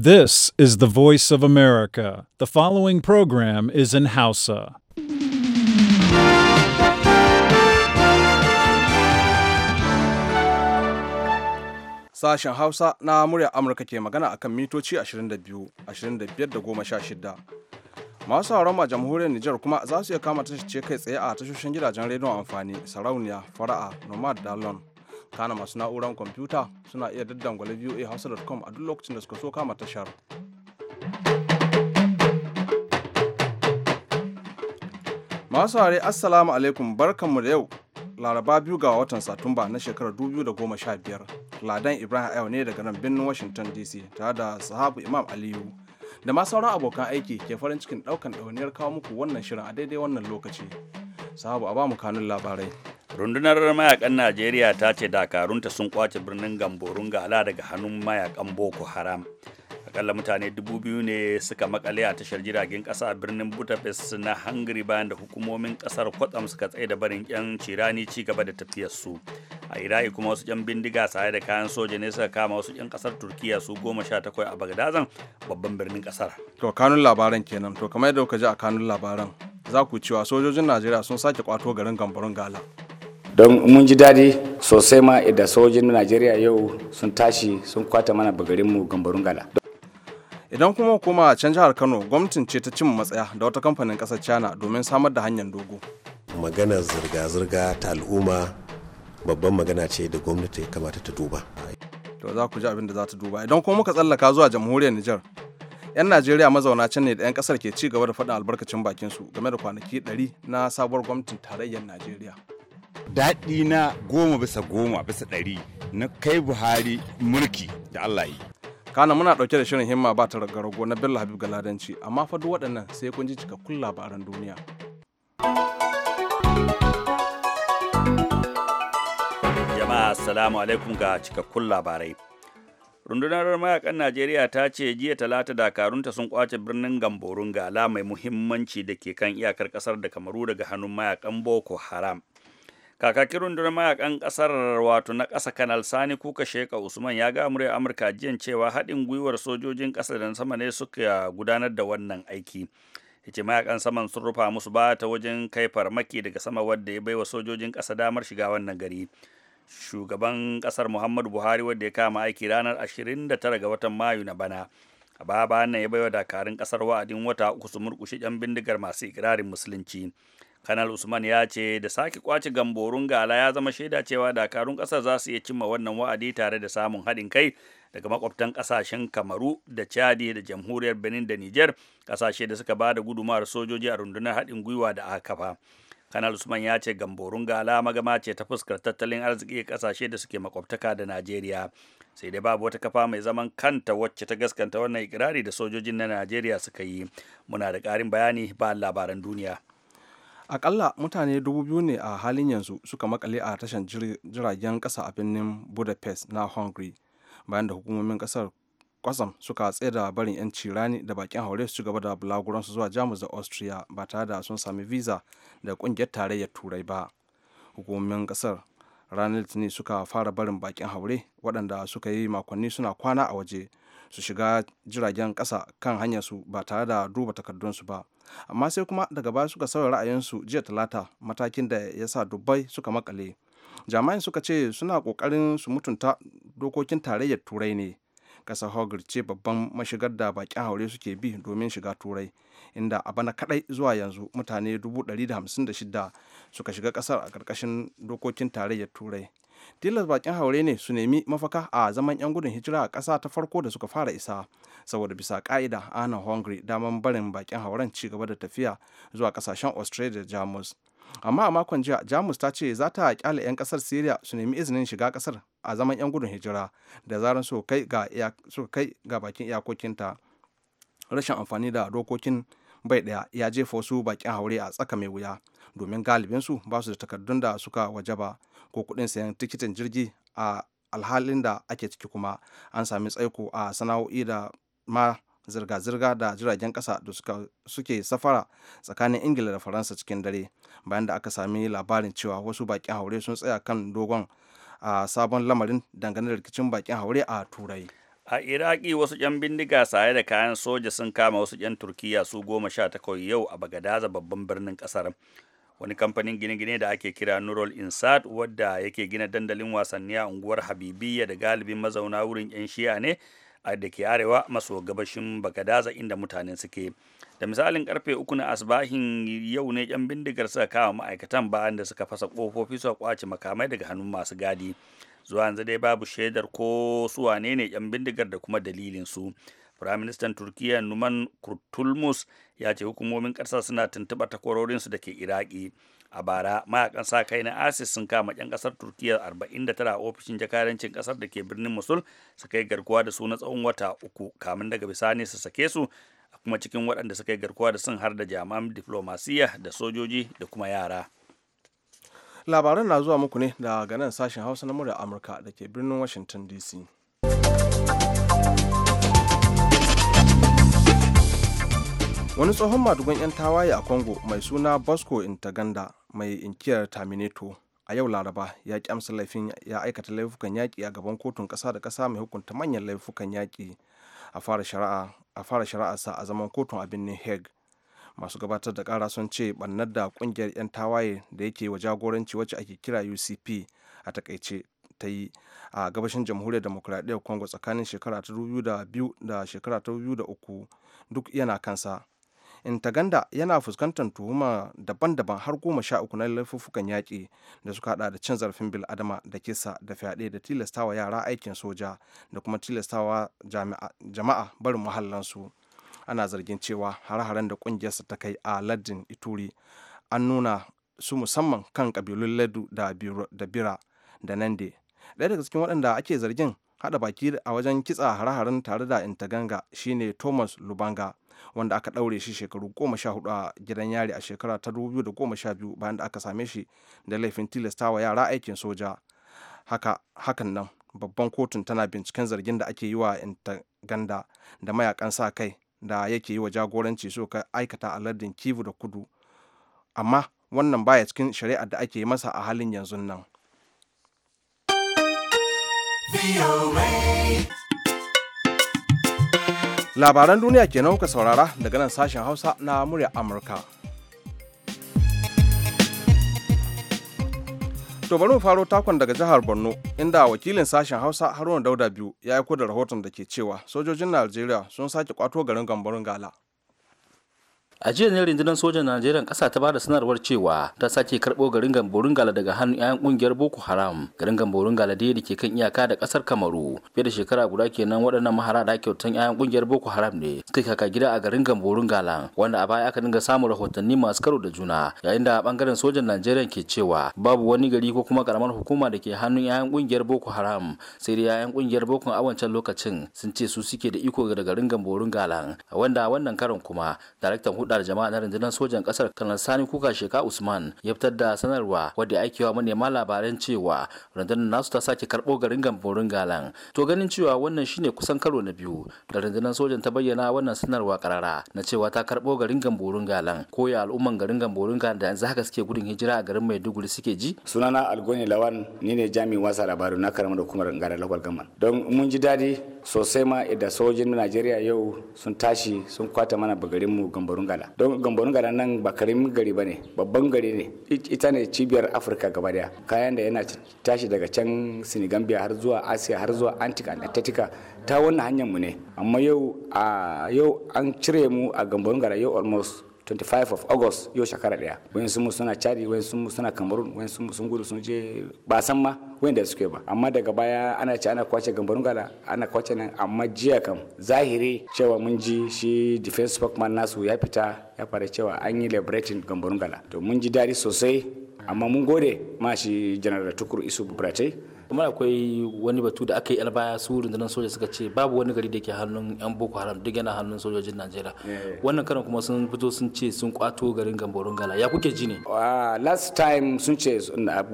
This is the voice of America. The following program is in Hausa. Sashen Hausa na murya Amurka ke magana akan mitoci 22, 25 Masu sauran a jamhuriyar Nijar kuma za su iya kama tashar ce kai tsaye a tashoshin gidajen rediyon amfani, sarauniya, fara'a, nomad, dalon, kana masu na'urar kwamfuta suna iya daddangwale voa hausa.com a duk lokacin da suka so kama tashar masu hare assalamu alaikum barkanmu da yau laraba biyu ga watan satumba na shekarar da goma sha biyar ladan ibrahim ayo ne daga nan birnin washington dc tare da sahabu imam aliyu da ma sauran abokan aiki ke farin cikin daukan dauniyar kawo muku wannan shirin a daidai wannan lokaci sahabu a ba mu kanun labarai rundunar mayakan najeriya ta ce dakarunta sun kwace birnin gamborun gala daga hannun mayakan boko haram akalla mutane dubu biyu ne suka makale a tashar jiragen kasa a birnin budapest na hungary bayan da hukumomin kasar kwatsam suka tsaye da barin yan cirani ci gaba da tafiyar su a iraki kuma wasu yan bindiga saye da kayan soja ne suka kama wasu yan kasar turkiya su goma sha takwai a bagdazan babban birnin kasar to kanun labaran kenan to kamar yadda kuka ji a kanun labaran za ku cewa sojojin najeriya sun sake kwato garin gambarun gala don mun ji daɗi sosai ma idan sojojin najeriya yau sun tashi sun kwata mana mu gambarun gala idan kuma kuma a can jihar kano gwamnatin ce ta cin matsaya da wata kamfanin kasar china domin samar da hanyar dogo magana zirga-zirga ta al'umma babban magana ce da gwamnati kamata ta duba to za ku ji abin da za ta duba idan kuma muka tsallaka zuwa jamhuriyar nijar 'yan najeriya mazauna can ne da 'yan kasar ke ci gaba da faɗin albarkacin bakin su game da kwanaki 100 na sabuwar gwamnatin tarayyar najeriya daɗi na goma bisa goma bisa ɗari na kai buhari mulki da allah yi kana muna ɗauke da shirin himma ba ta ragarago na bello habib galadanci amma fa duk waɗannan sai kun ji cikakkun labaran duniya jama'a assalamu alaikum ga cikakkun labarai rundunar mayakan najeriya ta ce jiya talata dakarunta sun kwace birnin gamborun gala mai muhimmanci da ke kan iyakar kasar da kamaru daga hannun mayakan boko haram kakakin rundunar mayakan kasar wato na kasa kanal sani kuka sheka usman ya ga murya amurka jiyan cewa haɗin gwiwar sojojin kasa da sama ne suka gudanar da wannan aiki yace mayakan saman sun rufa musu ba ta wajen kai farmaki daga sama wadda ya baiwa sojojin ƙasa damar shiga wannan gari shugaban ƙasar muhammadu buhari wadda ya kama aiki ranar 29 ga watan mayu na bana a baya bayan nan ya baiwa dakarun ƙasar wa'adin wata uku su murkushe yan bindigar masu ikirarin musulunci kanal usman ya ce da sake kwace gamborun gala ya zama shaida cewa dakarun ƙasar za su iya cimma wannan wa'adi tare da samun haɗin kai daga makwabtan ƙasashen kamaru da chadi da jamhuriyar benin da niger kasashe da suka ba da gudumar sojoji a rundunar haɗin gwiwa da aka kafa kanal usman ya ce gamborun gala magama ce ta fuskar tattalin arziki kasashe da suke makwabtaka da najeriya sai dai babu wata kafa mai zaman kanta wacce ta gaskanta wannan ikirari da sojojin na najeriya suka yi muna da karin bayani ba labaran duniya akalla mutane dubu biyu ne a halin yanzu suka makale a tashar jiragen kasa a birnin budapest na hungary bayan da hukumomin kasar kwatsam suka tsaye da barin 'yanci rani da bakin haure su gaba da bulaguransu zuwa jamus da austria ba tare da sun sami visa da kungiyar tarayyar turai ba hukumomin kasar ranar litini suka fara barin bakin haure waɗanda suka yi makonni suna kwana a waje su shiga jiragen ƙasa kan hanyar su ba tare da duba takardun su ba amma sai kuma daga baya suka sauya su jiya talata matakin da ya sa dubai suka makale jami'an suka ce suna ƙoƙarin su mutunta dokokin tarayyar turai ne ƙasar Hogar ce babban mashigar da bakin haure suke bi domin shiga turai inda a bana kadai zuwa yanzu mutane 156 suka shiga kasar a ƙarƙashin dokokin tarayyar turai tilas bakin haure ne su nemi mafaka a zaman yan gudun hijira a kasa ta farko da suka fara isa saboda bisa ka'ida ana hungary daman barin bakin hauren ci gaba da tafiya zuwa kasashen australia da jamus amma a makon jiya jamus ta ce za ta kyale 'yan kasar syria su nemi izinin shiga kasar a zaman 'yan gudun hijira da zarar su kai ga bakin iyakokinta rashin amfani da dokokin bai daya ya jefa wasu bakin haure a tsaka mai wuya domin galibinsu ba su da takardun da suka ba ko kuɗin sayan tikitin jirgi a alhalin da ake ciki kuma an sami tsaiko a sana'o'i da ma zirga-zirga da jiragen kasa da suke safara tsakanin ingila da faransa cikin dare bayan da aka sami labarin cewa wasu bakin haure sun tsaya kan dogon a sabon lamarin dangane da rikicin bakin haure a turai a iraki wasu 'yan bindiga saye da kayan soja sun kama wasu 'yan turkiya su goma sha takwai yau a bagadaza babban birnin kasar wani kamfanin gine-gine da ake kira Nurul Insat wadda yake gina dandalin wasanni a unguwar Habibiyya da galibin mazauna wurin 'yan shiya ne da ke arewa maso gabashin bagadaza inda mutane suke da misalin karfe uku na asbahin yau ne yan bindigar suka kawo ma'aikatan bayan da suka fasa kofofi suka kwace makamai daga hannun masu gadi zuwa yanzu dai babu shaidar ko su wane ne yan bindigar da kuma dalilin su Firaministan Turkiyya Numan Kurtulmus ya ce hukumomin ƙasa suna tuntuɓar takwarorinsu da ke Iraki a bara mayakan sa kai na asis sun kama 'yan kasar turkiya 49 a ofishin jakadancin ƙasar da ke birnin musul su kai garkuwa da su na tsawon wata uku kamin daga bisani su sake su kuma cikin waɗanda suka yi garkuwa da sun har da jami'an diflomasiyya da sojoji da kuma yara labaran na zuwa muku ne daga nan sashen hausa na murya amurka da ke birnin washington dc wani tsohon madugun 'yan tawaye a congo mai suna bosco intaganda mai inkiyar terminator a yau laraba ya ki amsa laifin ya aikata laifukan yaƙi a gaban kotun ƙasa da ƙasa mai hukunta manyan laifukan yaƙi a fara shari'a a fara shari'arsa a zaman kotun a birnin heg masu gabatar da ƙara sun ce bannar da ƙungiyar 'yan tawaye da yake wa jagoranci wacce ake kira ucp a takaice ta yi a gabashin jamhuriyar demokuraɗiyyar congo tsakanin shekara ta 2002 da shekara ta uku duk yana kansa intaganda yana fuskantar tuhuma daban-daban har goma sha uku na laifuffukan yaƙi da suka hada da cin zarafin bil adama da kisa da fyaɗe da tilastawa yara aikin soja da kuma tilastawa jama'a barin muhallansu ana zargin cewa har haren da ƙungiyarsa ta kai a lardin ituri an nuna su musamman kan ƙabilun ladu da bira da nande ɗaya daga cikin waɗanda ake zargin haɗa baki a wajen kitsa har haren tare da intaganga shine thomas lubanga wanda aka ɗaure shi shekaru goma sha hudu a gidan yari a shekara ta dubu biyu da goma sha biyu bayan da aka same shi da laifin tilasta wa yara aikin soja haka hakan nan babban kotun tana binciken zargin da ake yi wa intaganda da mayakan sa kai da yake yi wa jagoranci so ka aikata a lardin kivu da kudu amma wannan baya cikin shari'ar da ake yi masa a halin yanzu nan. labaran duniya kenan kuka saurara daga nan sashen hausa na murya amurka to bari mu faro takon daga jihar borno inda wakilin sashen hausa haruna dauda biyu ya aiko da rahoton da ke cewa sojojin najeriya sun sake kwato garin gambarin gala a jiya ne rundunar sojan najeriya kasa ta bada sanarwar cewa ta sake karbo garin gala daga hannun 'ya'yan kungiyar boko haram garin gala dai da ke kan iyaka da kasar kamaru fiye da shekara guda kenan waɗannan mahara da kyautan 'ya'yan kungiyar boko haram ne suka kaka gida a garin gala wanda a baya aka dinga samun rahotanni masu karo da juna yayin da bangaren sojan najeriya ke cewa babu wani gari ko kuma karamar hukuma da ke hannun 'ya'yan kungiyar boko haram sai dai 'ya'yan kungiyar boko a wancan lokacin sun ce su suke da iko da garin gala wanda wannan karon kuma daraktan hulɗa da jama'a na rundunar sojan kasar kanar sani kuka sheka usman ya fitar da sanarwa wadda ake wa manema labaran cewa rundunar nasu ta sake karbo garin gamborin galan to ganin cewa wannan shine kusan karo na biyu da rundunar sojan ta bayyana wannan sanarwa karara na cewa ta karbo garin gamborin galan ko ya al'umman garin gamborin galan da yanzu haka suke gudun hijira a garin maiduguri suke ji sunana algoni lawan ni ne jami'in wasa labaru na karamar hukumar gara lakwal gaman don mun ji dadi sosai ma idan sojin najeriya yau sun tashi sun kwata mana bagarinmu gambarun gala don gambon gara nan ba karim gari ba ne babban gari ne ita ne cibiyar afirka gaba daya kayan da yana tashi daga can sinigambia har zuwa asiya har zuwa antica and antarctica ta wannan hanyar mu ne amma yau a yau an cire mu a gambon gara yau almost 25 of august yau shekara daya wayan sun suna chadi wayan sun suna cameroon wayan sun sun gudu sun je ba san ma wayan da suke ba amma daga baya ana ce ana kwace gambarun gala ana kwace nan amma jiya kam zahiri cewa mun ji shi defense spokesman nasu ya fita ya fara cewa an yi liberating gambarun gala to mun ji dadi sosai amma mun gode ma shi general tukur isu bubratai kamar akwai wani batu da aka yi baya su rundunar soja suka ce babu wani gari da ke hannun yan boko haram duk yana hannun sojojin najeriya eh. wannan karan kuma sun fito sun ce sun kwato garin gamborun gala ya kuke ji ne ah, last time sun ce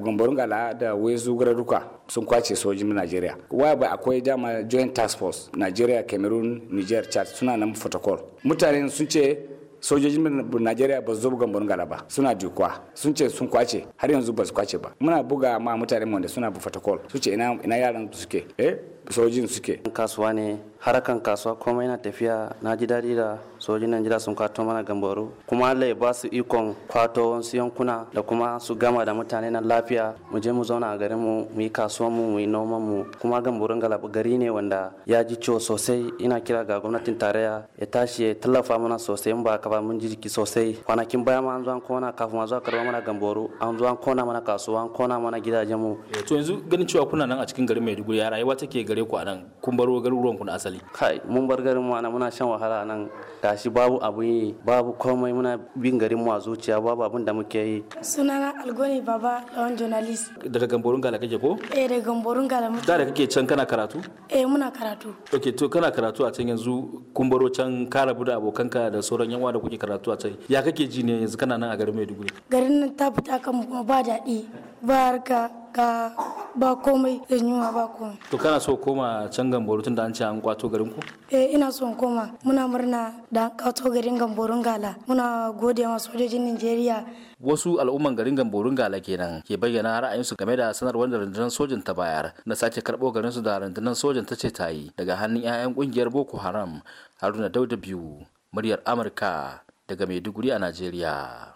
gamborun gala da wezu gararuka sun kwace sojojin najeriya waya ba akwai dama joint task force najeriya cameroon niger chad suna nan protocol mutanen sun ce sojojin najeriya ba zo buga bangala ba suna dukuwa sun ce sun kwace har yanzu ba su kwace ba muna buga ma mutane wanda suna bu protocol su ce ina yaran suke eh sojin suke kasuwa ne harakan kasuwa kuma yana tafiya na ji daɗi da sojin najeriya sun kwato mana gambaru kuma allah ya ba su ikon kwato wasu yankuna da kuma su gama da mutane na lafiya mu je mu zauna a garin mu mu yi kasuwan mu mu yi noman mu kuma gambarun galabu gari ne wanda ya ji ciwo sosai ina kira ga gwamnatin tarayya ya tashi ya tallafa mana sosai in ba ka ba mun ji jiki sosai kwanakin baya ma an zo an kona kafin ma zo a karba mana gambaru an zo an kona mana kasuwa an kona mana gidajen mu to yanzu ganin cewa kuna nan a cikin garin maiduguri ya rayuwa take gare ku a nan kun baro garuruwan ku na asali kai mun bar garin mu muna shan wahala nan gashi babu abu yi babu komai muna bin garin mu a zuciya babu abin da muke yi sunana algoni baba lawan journalist daga gamborun gala kake ko eh daga gamborun gala mu da kake can kana karatu eh muna karatu okay to kana karatu a can yanzu kun baro can ka rabu da ka da sauran yan da kuke karatu a can ya kake ji ne yanzu kana nan a garin Maiduguri garin nan ta fita kan kuma ba daɗi barka ga ba komai da yunwa ba komai. To kana so koma can Gamboro tun da an ce an kwato garin ku? Eh ina so koma muna murna da an kwato garin Gamborun Gala muna gode wa sojojin Najeriya. Wasu al'umman garin Gamborun Gala kenan ke bayyana ra'ayinsu game da sanarwar da rundunar sojan ta bayar na sake karɓo garin su da rundunar sojan ta ce ta yi daga hannun 'ya'yan ƙungiyar Boko Haram Haruna Dauda biyu muryar Amurka daga Maiduguri a Najeriya.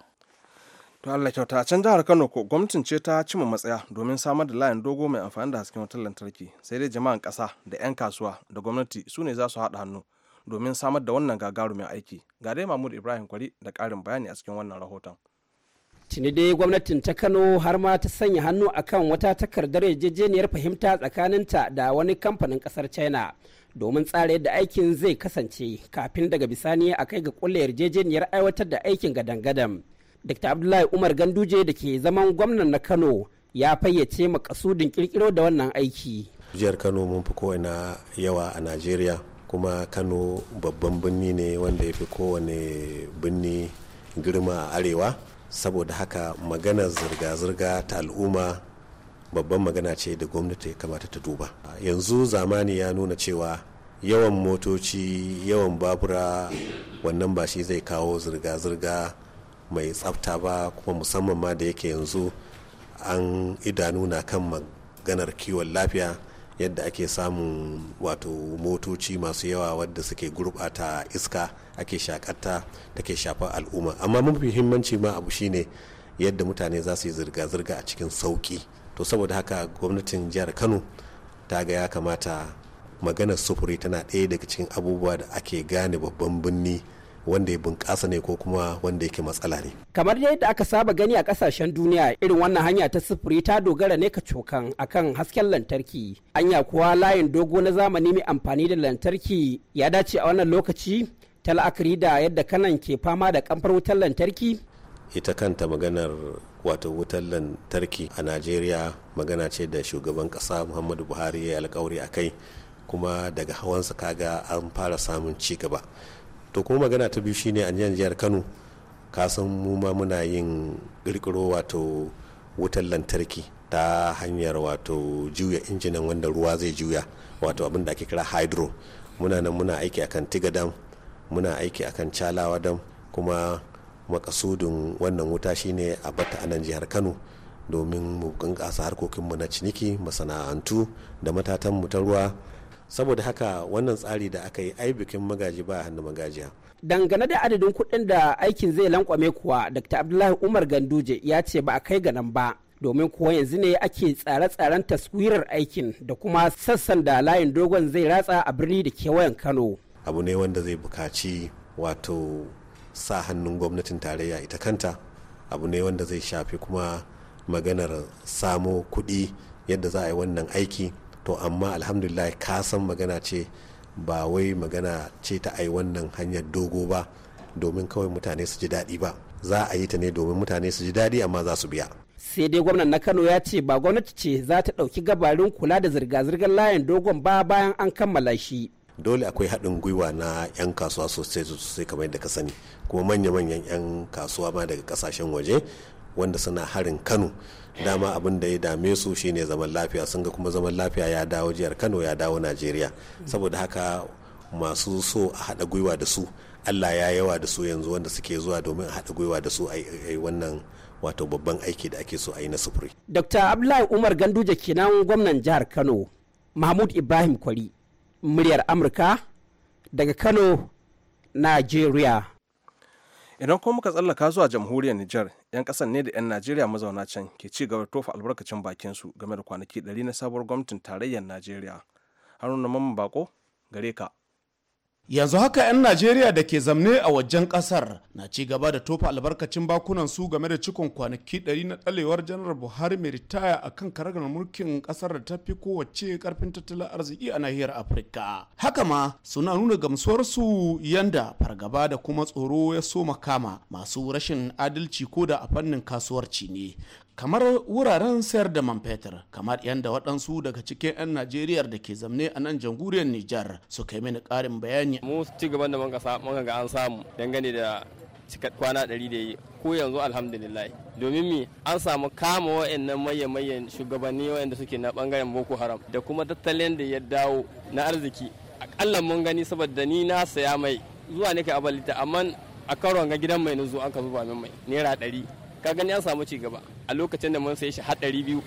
to allah kyauta a can jihar kano ko gwamnatin ce ta cima matsaya domin samar da layin dogo mai amfani da hasken wutar lantarki sai dai jama'an kasa da 'yan kasuwa da gwamnati su ne za su haɗa hannu domin samar da wannan gagarumin aiki ga dai mahmud ibrahim kwari da ƙarin bayani a cikin wannan rahoton tuni dai gwamnatin ta kano har ma ta sanya hannu akan wata takardar yarjejeniyar fahimta tsakaninta da wani kamfanin kasar china domin tsara yadda aikin zai kasance kafin daga bisani a kai ga kulle yarjejeniyar aiwatar da aikin gadan-gadan Dr. Abdullahi Umar Ganduje da ke zaman gwamnan na Kano ya fayyace makasudin kirkiro da wannan aiki. Jihar Kano mun fi kowane yawa a Najeriya kuma Kano babban birni ne wanda ya fi kowane birni girma a arewa saboda haka magana zirga-zirga ta al'umma babban magana ce da gwamnati kamata ta duba. Yanzu zamani ya nuna cewa yawan motoci yawan babura wannan ba shi zai kawo zirga-zirga mai tsafta ba kuma musamman ma da yake yanzu an idanu na kan maganar kiwon lafiya yadda ake samun wato motoci masu yawa wadda suke gurbata iska ake shakatta ke shafar al'umma amma muhimmanci ma abu shine yadda mutane za su yi zirga-zirga a cikin sauki to saboda haka gwamnatin jihar kano ta ga ya kamata maganar sufuri tana ɗaya daga cikin abubuwa da ake gane babban birni wanda ya bunƙasa ne ko kuma wanda yake matsala ne kamar dai yadda aka saba gani a ƙasashen duniya irin wannan hanya ta sufuri ta dogara ne ka cokan akan hasken lantarki anya kuwa layin dogo na zamani mai amfani da lantarki ya dace a wannan lokaci ta la'akari da yadda kanan ke fama da kamfar wutar lantarki ita kanta maganar wato wutar lantarki a najeriya magana ce da shugaban ƙasa muhammadu buhari ya alkawari a kai kuma daga hawansa kaga an fara samun ci gaba to kuma magana ta biyu shine a nan jihar kano kasan mu ma muna yin kirkiro wato wutar lantarki ta hanyar wato juya injinan wanda ruwa zai juya wato abin da ake kira hydro muna nan muna aiki akan tiga muna aiki akan calawa dam kuma makasudin wannan wuta shine a bata a nan jihar kano domin mu harkokin harkokinmu na ciniki masana'antu da matatan ta ruwa saboda haka wannan tsari da aka yi ai bikin magaji ba hannu magajiya dangane da adadin kuɗin da aikin zai lankwame kuwa dr abdullahi umar ganduje ya ce ba a kai ga nan ba domin kuwa yanzu ne ake tsare-tsaren taswirar aikin da kuma sassan da layin dogon zai ratsa a birni da kewayen kano abu ne wanda zai bukaci wato sa hannun gwamnatin tarayya ita kanta abu ne wanda zai shafi kuma maganar samo kuɗi yadda za a yi wannan aiki to amma alhamdulillah ka san magana ce ba wai magana ce ta ai wannan hanyar dogo ba domin kawai mutane su ji daɗi ba za a yi ta ne domin mutane su ji daɗi amma za su biya sai dai gwamnan na kano ya ce ba gwamnati ce za ta ɗauki gabarin kula da zirga-zirgar layin dogon ba bayan an kammala shi dole akwai haɗin gwiwa na 'yan kasuwa sosai sosai kamar yadda ka sani kuma manya-manyan 'yan kasuwa ma daga kasashen waje wanda suna harin kano dama abin da ya dame su shine zaman lafiya sun ga kuma zaman lafiya ya dawo jihar kano ya dawo najeriya saboda haka masu so a haɗa gwiwa da su allah ya yawa da su yanzu wanda suke zuwa domin a haɗa gwiwa da su a wannan wato babban aiki da ake so a yi na sufuri. dr abdullahi umar ganduje kenan gwamnan jihar kano mahmud ibrahim kwari muryar amurka daga kano najeriya idan kuma muka tsallaka zuwa jamhuriyar nijar yan kasan ne da yan najeriya mazauna can ke ci gaba tofa albarkacin bakin su game da kwanaki ɗari na sabuwar gwamnatin tarayyar najeriya haruna mamman bako gare ka yanzu haka 'yan najeriya da ke zamne a wajen kasar na ci gaba da tofa albarkacin bakunan su game da cikon kwanaki 100 na tsalewar janar buhari mai ritaya a kan karagar mulkin kasar da ta fi kowace karfin tattalin arziki a nahiyar afirka haka ma suna nuna gamsuwarsu yanda fargaba da kuma tsoro ya so makama masu rashin adalci ko da a fannin kasuwarci ne kamar wuraren sayar da man fetur kamar yadda waɗansu daga cikin 'yan najeriya da ke zamne a nan jamhuriyar nijar su yi mini ƙarin bayani mu ci gaba da mun ga an samu dangane da cika kwana ɗari da yi ko yanzu alhamdulillah domin mi an samu kama wa'annan mayan-mayan shugabanni wa'anda suke na bangaren boko haram da kuma tattalin da ya dawo na arziki akalla mun gani saboda ni na saya mai zuwa ne kai abalita amma a karon ga gidan mai nuzu an ka zuba min mai naira ɗari ka gani an samu ci gaba a lokacin da mun sai shi haɗari biyu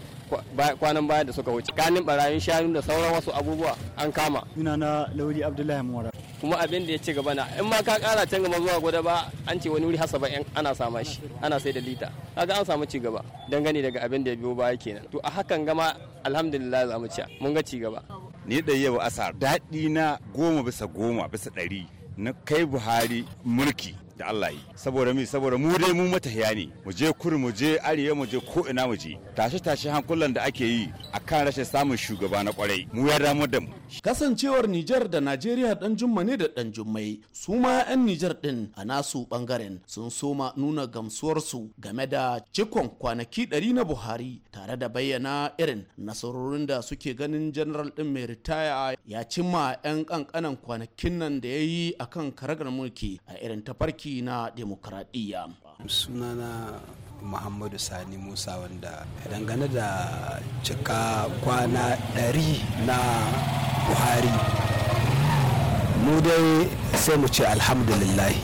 kwanan baya da suka wuce kanin barayin shanu da sauran wasu abubuwa an kama suna na lauri abdullahi Mura. kuma abin da ya ci gaba na in ma ka kara can gaba zuwa gwada ba an ce wani wuri har saba'in ana sama shi ana sai da lita kaga an samu ci gaba dangane daga abin da ya biyo baya kenan to a hakan gama alhamdulillah za mu ci mun ga ci gaba ni da yau asar daɗi na goma bisa goma bisa ɗari na kai buhari mulki da Allah yi saboda mi saboda mu dai mu matahiya ne mu je kudu mu je arewa mu je ko ina mu je tashe tashe hankulan da ake yi akan rashin samun shugaba na kwarai mu ya damu da mu kasancewar Nijar da Najeriya dan jumma ne da dan jummai su ma yan Nijar din a nasu bangaren sun soma nuna gamsuwarsu game da cikon kwanaki ɗari na Buhari tare da bayyana irin nasarorin da suke ganin general din mai ritaya ya cimma yan kankanan kwanakin nan da yayi akan karagar mulki a irin ta farki. mulki na demokradiyya. sunana muhammadu sani musa wanda dangane da cika kwana ɗari na buhari mu dai sai mu ce alhamdulillahi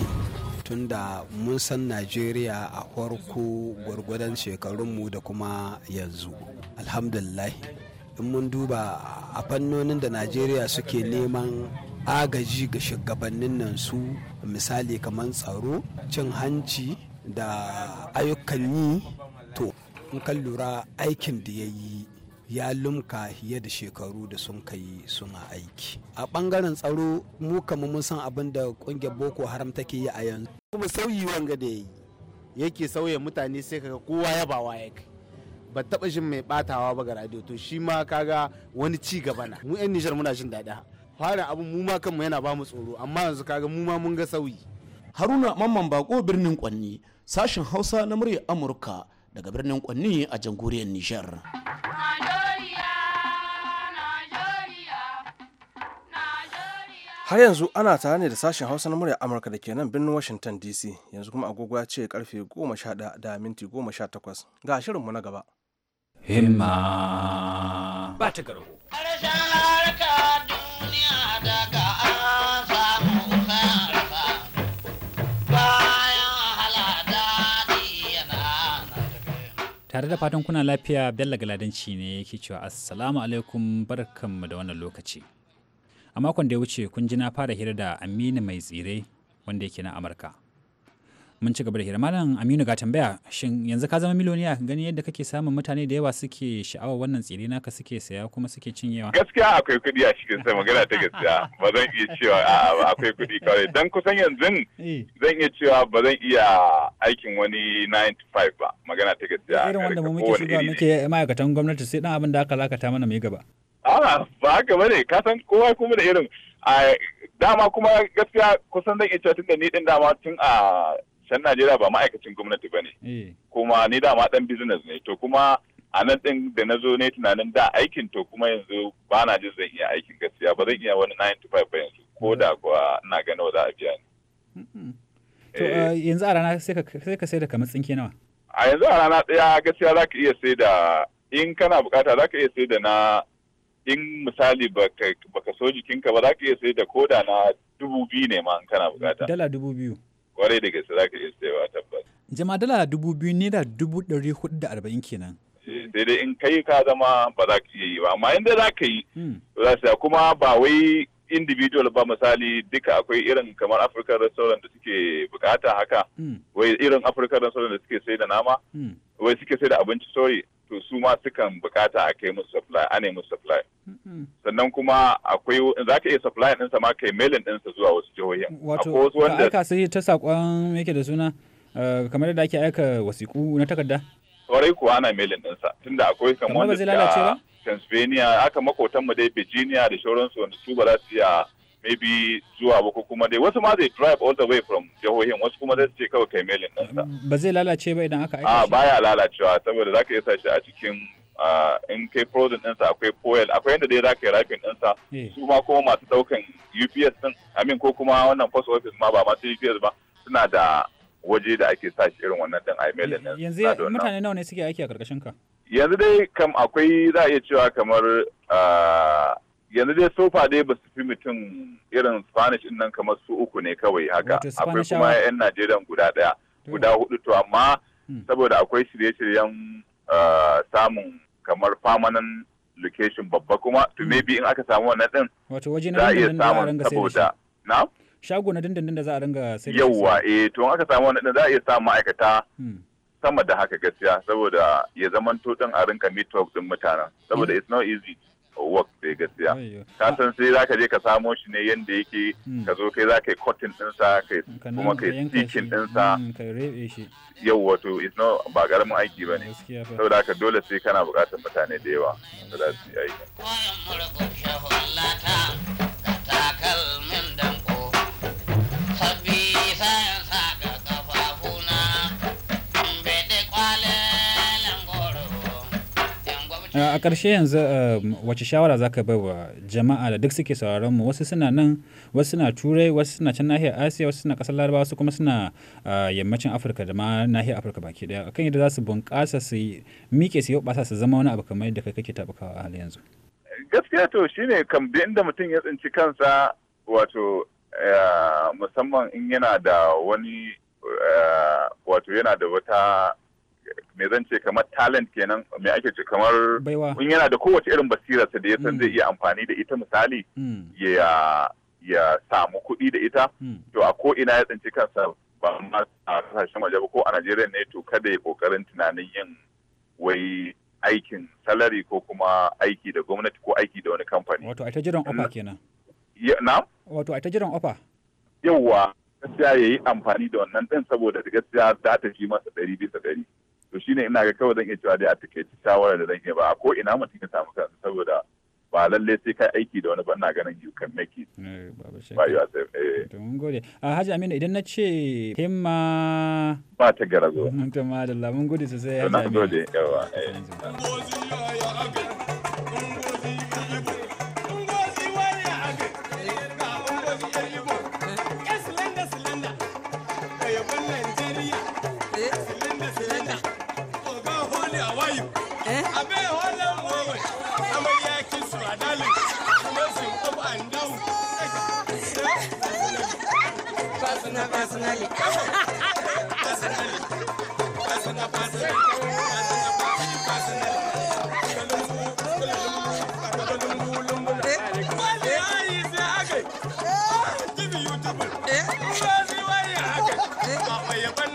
tunda mun san najeriya a farko gwargwadon shekarunmu da kuma yanzu alhamdulillah in mun duba a fannonin da najeriya suke neman agaji ga shugabannin nan su misali kamar tsaro cin hanci da ayyukan yi to in kan lura aikin da ya yi ya lumka fiye da shekaru da sun kai suna aiki a bangaren tsaro mu kama mun san abin da kungiyar boko haram take yi a yanzu kuma sauyi wanga da ya yi yake sauya mutane sai kaga kowa ya bawa ya kai ba taba jin mai batawa ba ga radio to shi ma kaga wani ci gaba na mu yan nijar muna jin daɗi fara abin mu ma kanmu yana ba mu tsoro amma yanzu kaga mu ma mun ga sauyi haruna mamman bako birnin kwanni sashin hausa na murya amurka daga birnin kwanni a jamhuriyar nijar har yanzu ana tare ne da sashen hausa na murya amurka da ke nan birnin washington dc yanzu kuma agogo ya ce karfe 11 da minti 18 ga shirinmu na gaba himma ba ta tare da fatan kuna lafiya bello galadanci ne yake cewa assalamu alaikum barkanmu da wannan lokaci a makon da ya wuce kun ji na fara hira da amina mai tsire wanda yake na amurka mun ci gaba da hira malam aminu ga tambaya shin yanzu ka zama miliyoniya gani yadda kake samun mutane da yawa suke sha'awa wannan tsire naka suke saya kuma suke cinyewa gaskiya akwai kuɗi a cikin sa magana ta gaskiya ba zan iya cewa akwai kudi kawai dan kusan yanzu eh. zan iya cewa ba zan iya aikin wani 9 to 5 ba magana ta gaskiya irin wanda mu muke shiga muke ma'aikatan gwamnati sai dan abin da aka lakata mana mai gaba a'a ba haka bane ka san kowa kuma da irin dama kuma gaskiya kusan zan iya cewa tun da ni din dama tun a can Najeriya ba ma'aikacin gwamnati ba ne. Eh. Kuma ni dama ɗan business ne to kuma a nan ɗin da na zo ne tunanin da aikin to kuma yanzu ba na jin zan iya aikin gaskiya ba zan iya wani 9 to 5 ba yanzu ko da mm. kuwa ina gani wa za a biya ni. To eh. uh, yanzu a rana sai ka sai da kamar tsinke nawa? A yanzu a rana ɗaya gaskiya za ka iya sai da in kana bukata za ka iya sai da na in misali baka so jikinka ba za ka iya sai da da na dubu biyu ne ma in kana bukata. Dala dubu biyu. kwarai da gaske za ka iya sayawa tabbas. jama dala dubu biyu naira dubu ɗari hudu da arba'in kenan. Daidai eh, in in kai ka zama ba za ka iya yi ba amma inda za ka yi hmm. za su kuma ba wai individual ba misali duka akwai irin kamar african restaurant da suke bukata haka hmm. wai irin african restaurant da suke sai da nama hmm. wai suke sai da abinci sorry to su ma sukan bukata a kai musu supply a nemi supply sannan kuma akwai za ka iya supply ɗinsa ma kai mailin ɗinsa zuwa wasu jihohin wato a aika sai ta saƙon yake da suna eh, kamar da ake aika wasiku na takarda kwarai kuwa ana mailin ɗinsa tunda akwai kamar wanda Pennsylvania aka makotan mu dai Virginia da sauransu wanda su ba za su iya maybe zuwa ba ko kuma dai wasu ma zai drive all the way from jihohin wasu kuma zai ce kawai kai mailin ɗansa. Ba zai lalace ba idan aka aika shi? baya lalacewa saboda za ka iya shi a cikin in kai frozen ɗinsa akwai foil akwai yadda dai za yi rafin ɗinsa eh. su ma kuma masu daukan UPS din amin ko kuma wannan post office ma ba masu UPS ba suna da waje da ake sa shi irin wannan din a mailin nan Yanzu mutane nawa ne suke aiki a ƙarƙashin ka? Yanzu dai kam akwai za a iya cewa kamar yanzu dai sofa dai ba su fi mutum irin spanish din nan kamar su uku ne kawai haka akwai kuma yan najeriya guda daya guda hudu to amma hmm. saboda akwai shirye-shiryen uh, samun kamar famanan location babba kuma to hmm. maybe in aka samu wannan din wato waje na iya samun saboda na shago na dindindin da za a ringa sai yawwa eh to in aka samu wannan din za a iya samun ma'aikata hmm. sama da haka gaskiya saboda ya zamanto din a rinka meet up din mutanen saboda it's not easy work dai gaskiya ka san sai zaka je ka samo shi ne yanda yake mm. ka zo kai zaka yi cotton din sa kai kuma kai stitching din sa yau wato it's not ba garamin aiki bane saboda haka dole sai kana bukatar mutane da yawa da za yi aiki a ƙarshe yanzu um, wace shawara za ka bai wa jama'a da duk suke sauraron mu wasu suna nan wasu suna turai wasu suna can nahiyar asiya wasu suna ƙasar larabawa wasu kuma suna yammacin afirka da ma nahiyar afirka baki daya akan yadda za su bunƙasa su miƙe su yau su zama wani abu kamar yadda kai kake taɓukawa a halin yanzu gaskiya to shine kam da inda mutum ya tsinci kansa wato musamman in yana da wani wato yana da wata me zan ce kamar talent kenan me ake ce kamar in yana da kowace irin ta da ya san mm. zai iya amfani da ita misali mm. ya ya samu kuɗi da ita mm. to a ko ina ya tsinci kansa ba ma a kasashen waje ba ko a Najeriya ne to kada ya kokarin tunanin yin wai aikin salari ko kuma aiki da gwamnati ko aiki da wani kamfani wato a ta jiran ofa kenan na wato a ta jiran ofa yawwa gaskiya ya yi amfani da wannan ɗin saboda gaskiya za ta ji masa ɗari bisa ɗari to shine ina ga kawai zan iya cewa dai a takaici shawara da zan iya ba a ko ina mutum ya samu kansa saboda ba lalle sai kai aiki da wani ba ina ganin you can make it ba you are safe mun gode a ah, haji aminu idan na ce himma ba ta garazo mun ta madalla mun gode sosai ya haji aminu gode yawa eh. personal, personal. Personal. Personal, personal.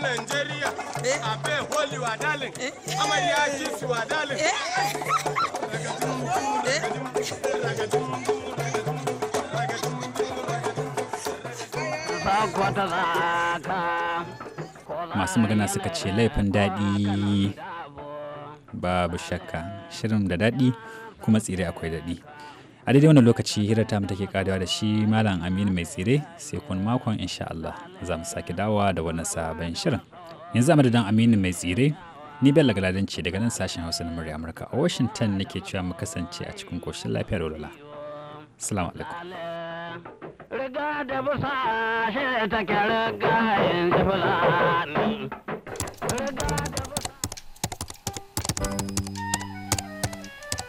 Nigeria, a bai holi wa dalin, amarya kisi masu magana suka ce laifin daɗi babu shakka shirin da daɗi kuma tsire akwai daɗi a daidai wannan lokaci hira ta take karewa da shi malam aminu mai tsire sai kun makon insha Allah za mu sake dawa da wani sabon shirin yanzu a madadin aminu mai tsire ni bella galadin ce daga nan sashen hausa na murya amurka a washington nake cewa mu kasance a cikin koshin lafiyar walwala alaikum riga da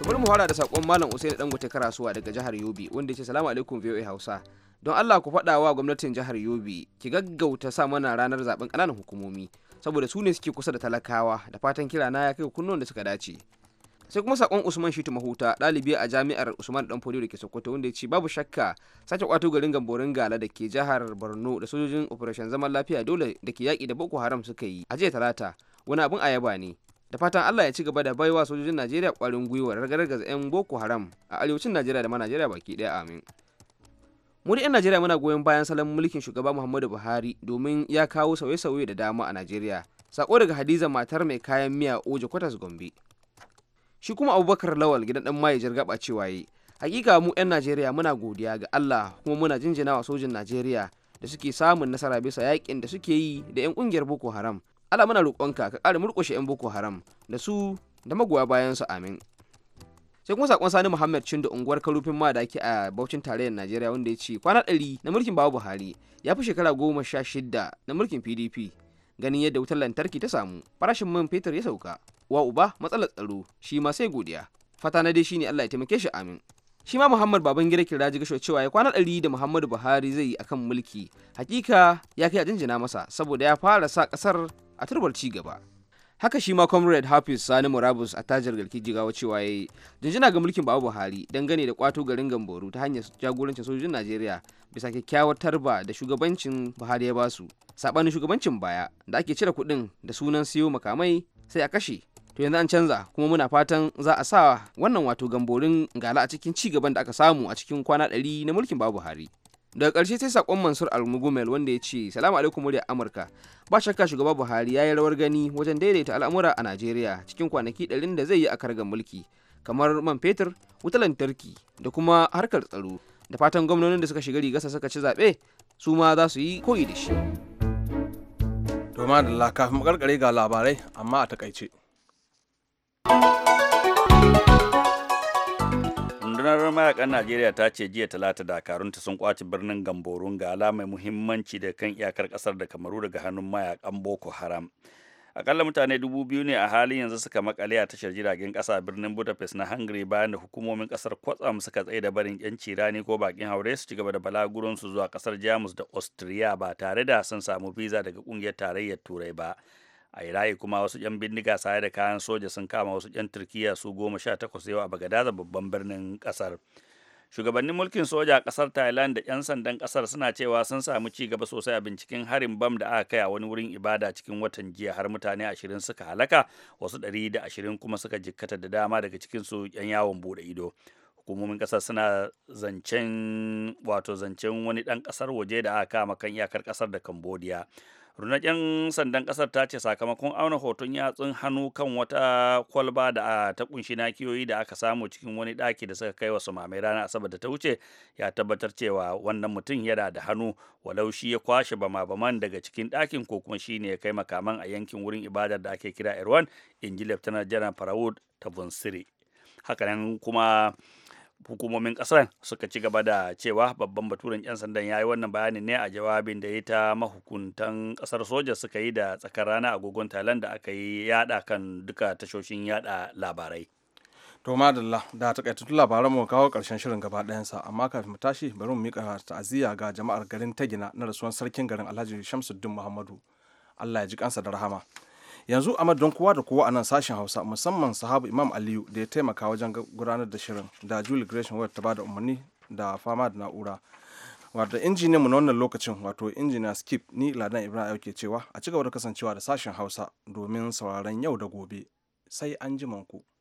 bari mu fara da sakon malam da dangote karasuwa daga jihar yobe wanda ya ce salamu alaikum voa hausa don allah ku faɗa wa gwamnatin jihar yobe ki gaggauta sa mana ranar zaben ƙananan hukumomi saboda su ne suke kusa da talakawa da fatan kirana ya kai kunnon da suka dace sai kuma sakon usman shitu mahuta ɗalibi a jami'ar usman dan fodiyo da ke sokoto wanda ya ce babu shakka sake kwato garin gamborin gala da ke jihar borno da sojojin operation zaman lafiya dole da ke yaƙi da boko haram suka yi a jiya talata wani abin ayaba ne da fatan allah ya ci gaba da baiwa sojojin najeriya kwarin gwiwa ragargaza 'yan boko haram a arewacin najeriya da ma najeriya baki ɗaya amin mu da 'yan najeriya muna goyon bayan salon mulkin shugaba muhammadu buhari domin ya kawo sauye-sauye da dama a najeriya sako daga hadiza matar mai kayan miya oja kwatas gombe shi kuma abubakar lawal gidan dan maye jirgaba cewa yi hakika mu 'yan najeriya muna godiya ga allah kuma muna jinjinawa sojin najeriya da suke samun nasara bisa yakin da suke yi da 'yan kungiyar boko haram allah muna roƙonka ka ƙara murƙushe 'yan boko haram da su da magoya bayan su amin sai kuma sakon sani muhammad cindo unguwar karufin ma da a baucin tarayyar najeriya wanda ya ce kwana ɗari na mulkin babu buhari ya fi shekara goma sha shida na mulkin pdp ganin yadda wutar lantarki ta samu farashin man fetur ya sauka wa uba matsalar tsaro shi ma sai godiya fata na dai shine Allah ya taimake shi amin shi ma Muhammad Babangida ji Gasho cewa ya kwana ɗari da Muhammadu Buhari zai yi akan mulki hakika ya kai a jinjina masa saboda ya fara sa kasar a turbar ci gaba haka shi ma comrade hafiz sani murabus a tajar garki jigawa cewa ya yi jinjina ga mulkin babu buhari dangane da kwato garin gamboru ta hanyar jagorancin sojojin najeriya bisa kyakkyawar tarba da shugabancin buhari ya basu saɓanin shugabancin baya da ake cire kuɗin da sunan siyo makamai sai a kashe to yanzu an canza kuma muna fatan za a sa wannan wato gamborin gala a cikin ci gaban da aka samu a cikin kwana ɗari na mulkin babu hari. daga ƙarshe sai sakon mansur almugumel wanda ya ce salamu alaikum murya amurka ba shakka shugaba buhari ya yi rawar gani wajen daidaita al'amura a najeriya cikin kwanaki ɗarin da zai yi a kargan mulki kamar man fetur wutar lantarki da kuma harkar tsaro da fatan gwamnonin da suka shiga sa suka ci zaɓe su ma za su yi koyi da shi. Domin da laka ga labarai amma a takaice. rundunar mayakan najeriya ta ce jiya talata dakarunta sun kwace birnin gamborun gala mai muhimmanci da kan iyakar kasar da kamaru daga hannun mayakan boko haram akalla mutane dubu biyu ne a halin yanzu suka makale a tashar jiragen kasa birnin budapest na hungary bayan da hukumomin kasar kwatsam suka tsaye da barin yanci rani ko bakin haure su ci gaba da su zuwa kasar jamus da austria ba tare da sun samu visa daga kungiyar tarayyar turai ba a iraki kuma wasu 'yan bindiga saye da kayan soja sun kama wasu 'yan turkiya su goma sha takwas yau a bagadaza babban birnin kasar shugabannin mulkin soja a kasar thailand da 'yan sandan kasar suna cewa sun samu ci gaba sosai a binciken harin bam da aka kai a wani wurin ibada cikin watan jiya har mutane ashirin suka halaka wasu ɗari da ashirin kuma suka jikkata da dama daga cikin su 'yan yawon bude ido hukumomin kasar suna zancen wato zancen wani ɗan kasar waje da aka kama kan iyakar kasar da cambodia runar sandan kasar ta ce sakamakon auna hoton yatsun hannu kan wata kwalba da a ta kunshi nakiyoyi da aka samu cikin wani daki da suka kai wa sumamai ranar asabar da ta wuce ya tabbatar cewa wannan mutum yana da hannu walau shi ya kwashe bama baman daga cikin dakin ko kuma shi ne ya kai makaman a yankin wurin ibadar da ake kira irwan in ji laftanar janar farawud ta bunsiri hakanan kuma hukumomin ƙasar suka ci gaba da cewa babban baturin 'yan sandan ya yi wannan bayanin ne a jawabin da ya ta mahukuntan ƙasar soja suka yi da tsakar rana agogon thailand da aka yi yada kan duka tashoshin yada labarai to madalla da tun labaran mu kawo karshen shirin gaba ɗayansa amma kafin mu tashi bari mu mika ta'aziyya ga jama'ar garin tagina na rasuwan sarkin garin alhaji shamsuddin muhammadu allah ya ji kansa da rahama yanzu a madon kowa da kowa a nan sashen hausa musamman sahabu imam aliyu da ya taimaka wajen gudanar da shirin da julie gresham wadda ta bada umarni da fama da na'ura wato injiniyan mu na wannan lokacin wato injiniya skip ni ladan ibrahim ke cewa a cigaba da kasancewa da sashen hausa domin sauraron yau da gobe sai an ku.